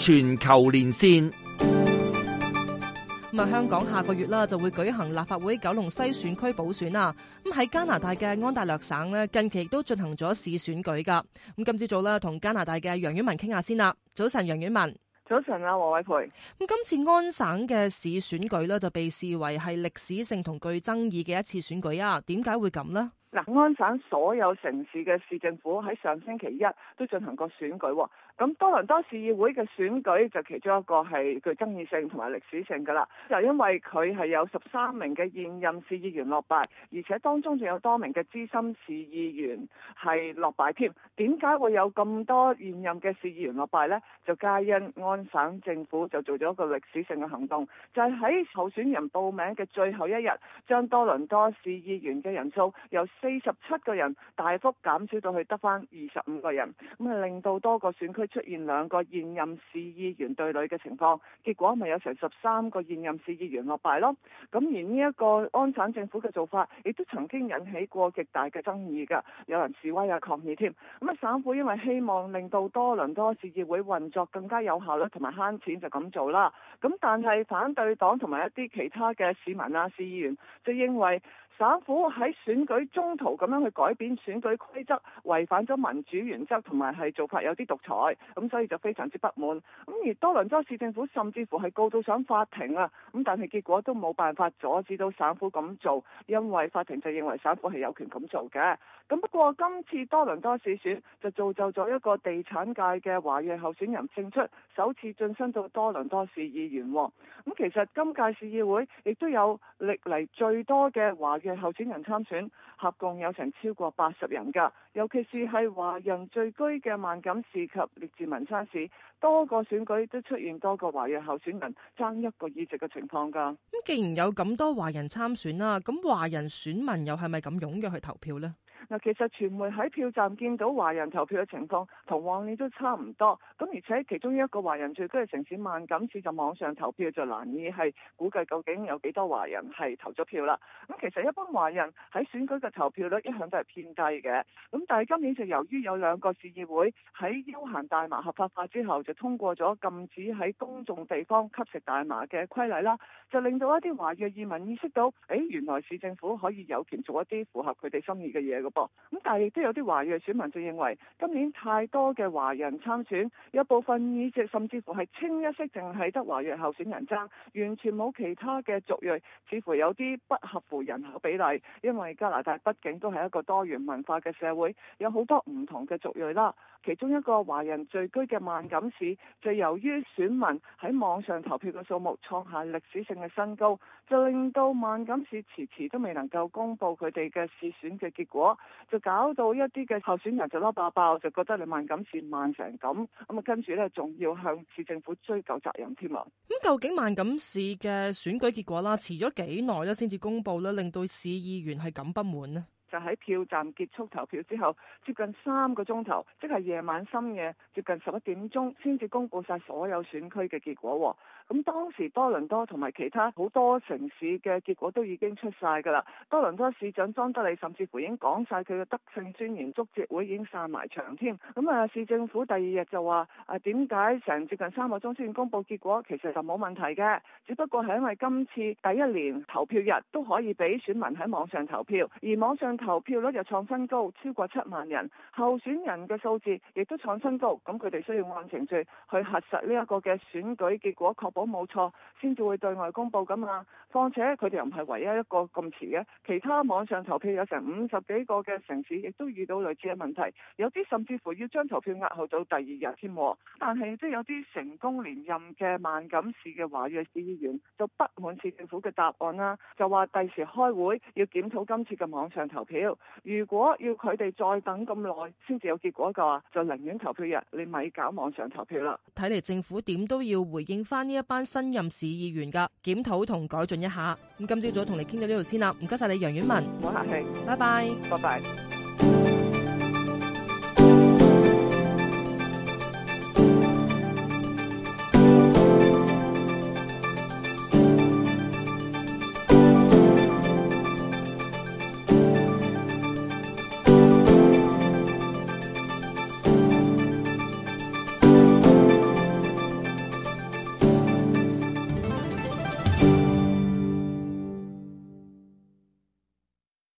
全球連線。咁啊，香港下個月啦就會舉行立法會九龍西選區補選啊。咁喺加拿大嘅安大略省咧，近期亦都進行咗市選舉噶。咁今朝早啦，同加拿大嘅楊婉文傾下先啦。早晨，楊婉文。早晨啊，王慧蓓。咁今次安省嘅市選舉咧就被視為係歷史性同具爭議嘅一次選舉啊。點解會咁呢？嗱，安省所有城市嘅市政府喺上星期一都進行過選舉喎，咁多倫多市議會嘅選舉就其中一個係具爭議性同埋歷史性噶啦。就因為佢係有十三名嘅現任市議員落敗，而且當中仲有多名嘅資深市議員係落敗添。點解會有咁多現任嘅市議員落敗咧？就皆因安省政府就做咗一個歷史性嘅行動，就係喺候選人報名嘅最後一日，將多倫多市議員嘅人數由四十七個人大幅減少到去得翻二十五個人，咁啊令到多個選區出現兩個現任市議員對壘嘅情況，結果咪有成十三個現任市議員落敗咯。咁而呢一個安省政府嘅做法，亦都曾經引起過極大嘅爭議㗎，有人示威啊抗議添。咁啊，省府因為希望令到多倫多市議會運作更加有效率同埋慳錢，就咁做啦。咁但係反對黨同埋一啲其他嘅市民啊市議員就認為，省府喺選舉中途咁樣去改變選舉規則，違反咗民主原則同埋係做法有啲獨裁，咁所以就非常之不滿。咁而多倫多市政府甚至乎係告到上法庭啊，咁但係結果都冇辦法阻止到省府咁做，因為法庭就認為省府係有權咁做嘅。咁不過今次多倫多市選就造就咗一個地產界嘅華裔候選人勝出，首次晉身到多倫多市議員。咁其實今屆市議會亦都有歷嚟最多嘅華裔候選人參選，合共有成超過八十人噶。尤其是係華人聚居嘅萬錦市及列治文山市，多個選舉都出現多個華裔候選人爭一個議席嘅情況噶。咁既然有咁多華人參選啦，咁華人選民又係咪咁踴躍去投票呢？嗱，其實傳媒喺票站見到華人投票嘅情況，同往年都差唔多。咁而且其中一個華人最高嘅城市——萬錦市，就網上投票就難以係估計究竟有幾多華人係投咗票啦。咁其實一般華人喺選舉嘅投票率一向都係偏低嘅。咁但係今年就由於有兩個市議會喺休閒大麻合法化之後就通過咗禁止喺公眾地方吸食大麻嘅規例啦，就令到一啲華裔移民意識到，欸，原來市政府可以有權做一啲符合佢哋心意嘅嘢。咁但係亦都有啲華裔選民就認為今年太多嘅華人參選，有部分議席甚至乎係清一色淨係得華裔候選人爭，完全冇其他嘅族裔，似乎有啲不合乎人口比例。因為加拿大畢竟都係一個多元文化嘅社會，有好多唔同嘅族裔啦。其中一個華人聚居嘅萬錦市，就由於選民喺網上投票嘅數目創下歷史性嘅新高，就令到萬錦市遲遲都未能夠公布佢哋嘅市選嘅結果。就搞到一啲嘅候選人就嬲爆爆，就覺得你萬錦市慢成咁，咁啊，跟住咧仲要向市政府追究責任添啊！咁究竟萬錦市嘅選舉結果啦，遲咗幾耐咧先至公布咧，令到市議員係咁不滿呢？就喺票站結束投票之後接近三個鐘頭，即係夜晚深夜接近十一點鐘先至公布晒所有選區嘅結果。咁當時多倫多同埋其他好多城市嘅結果都已經出晒噶啦。多倫多市長莊德利甚至乎已經講晒，佢嘅得勝宣言，祝捷會已經散埋場添。咁啊，市政府第二日就話：「啊點解成接近三個鐘先公布結果？其實就冇問題嘅，只不過係因為今次第一年投票日都可以俾選民喺網上投票，而網上。投票率又創新高，超過七萬人。候選人嘅數字亦都創新高，咁佢哋需要按程序去核實呢一個嘅選舉結果，確保冇錯先至會對外公佈㗎嘛。況且佢哋又唔係唯一一個咁遲嘅，其他網上投票有成五十幾個嘅城市亦都遇到類似嘅問題，有啲甚至乎要將投票押後到第二日添、啊。但係即係有啲成功連任嘅萬錦市嘅華裔市議員就不滿市政府嘅答案啦、啊，就話第時開會要檢討今次嘅網上投票。票，如果要佢哋再等咁耐先至有結果嘅話，就寧願投票日你咪搞網上投票啦。睇嚟政府點都要回應翻呢一班新任市議員噶，檢討同改進一下。咁今朝早同你傾到呢度先啦，唔該晒你楊婉文，唔好客氣，拜拜 bye，拜拜。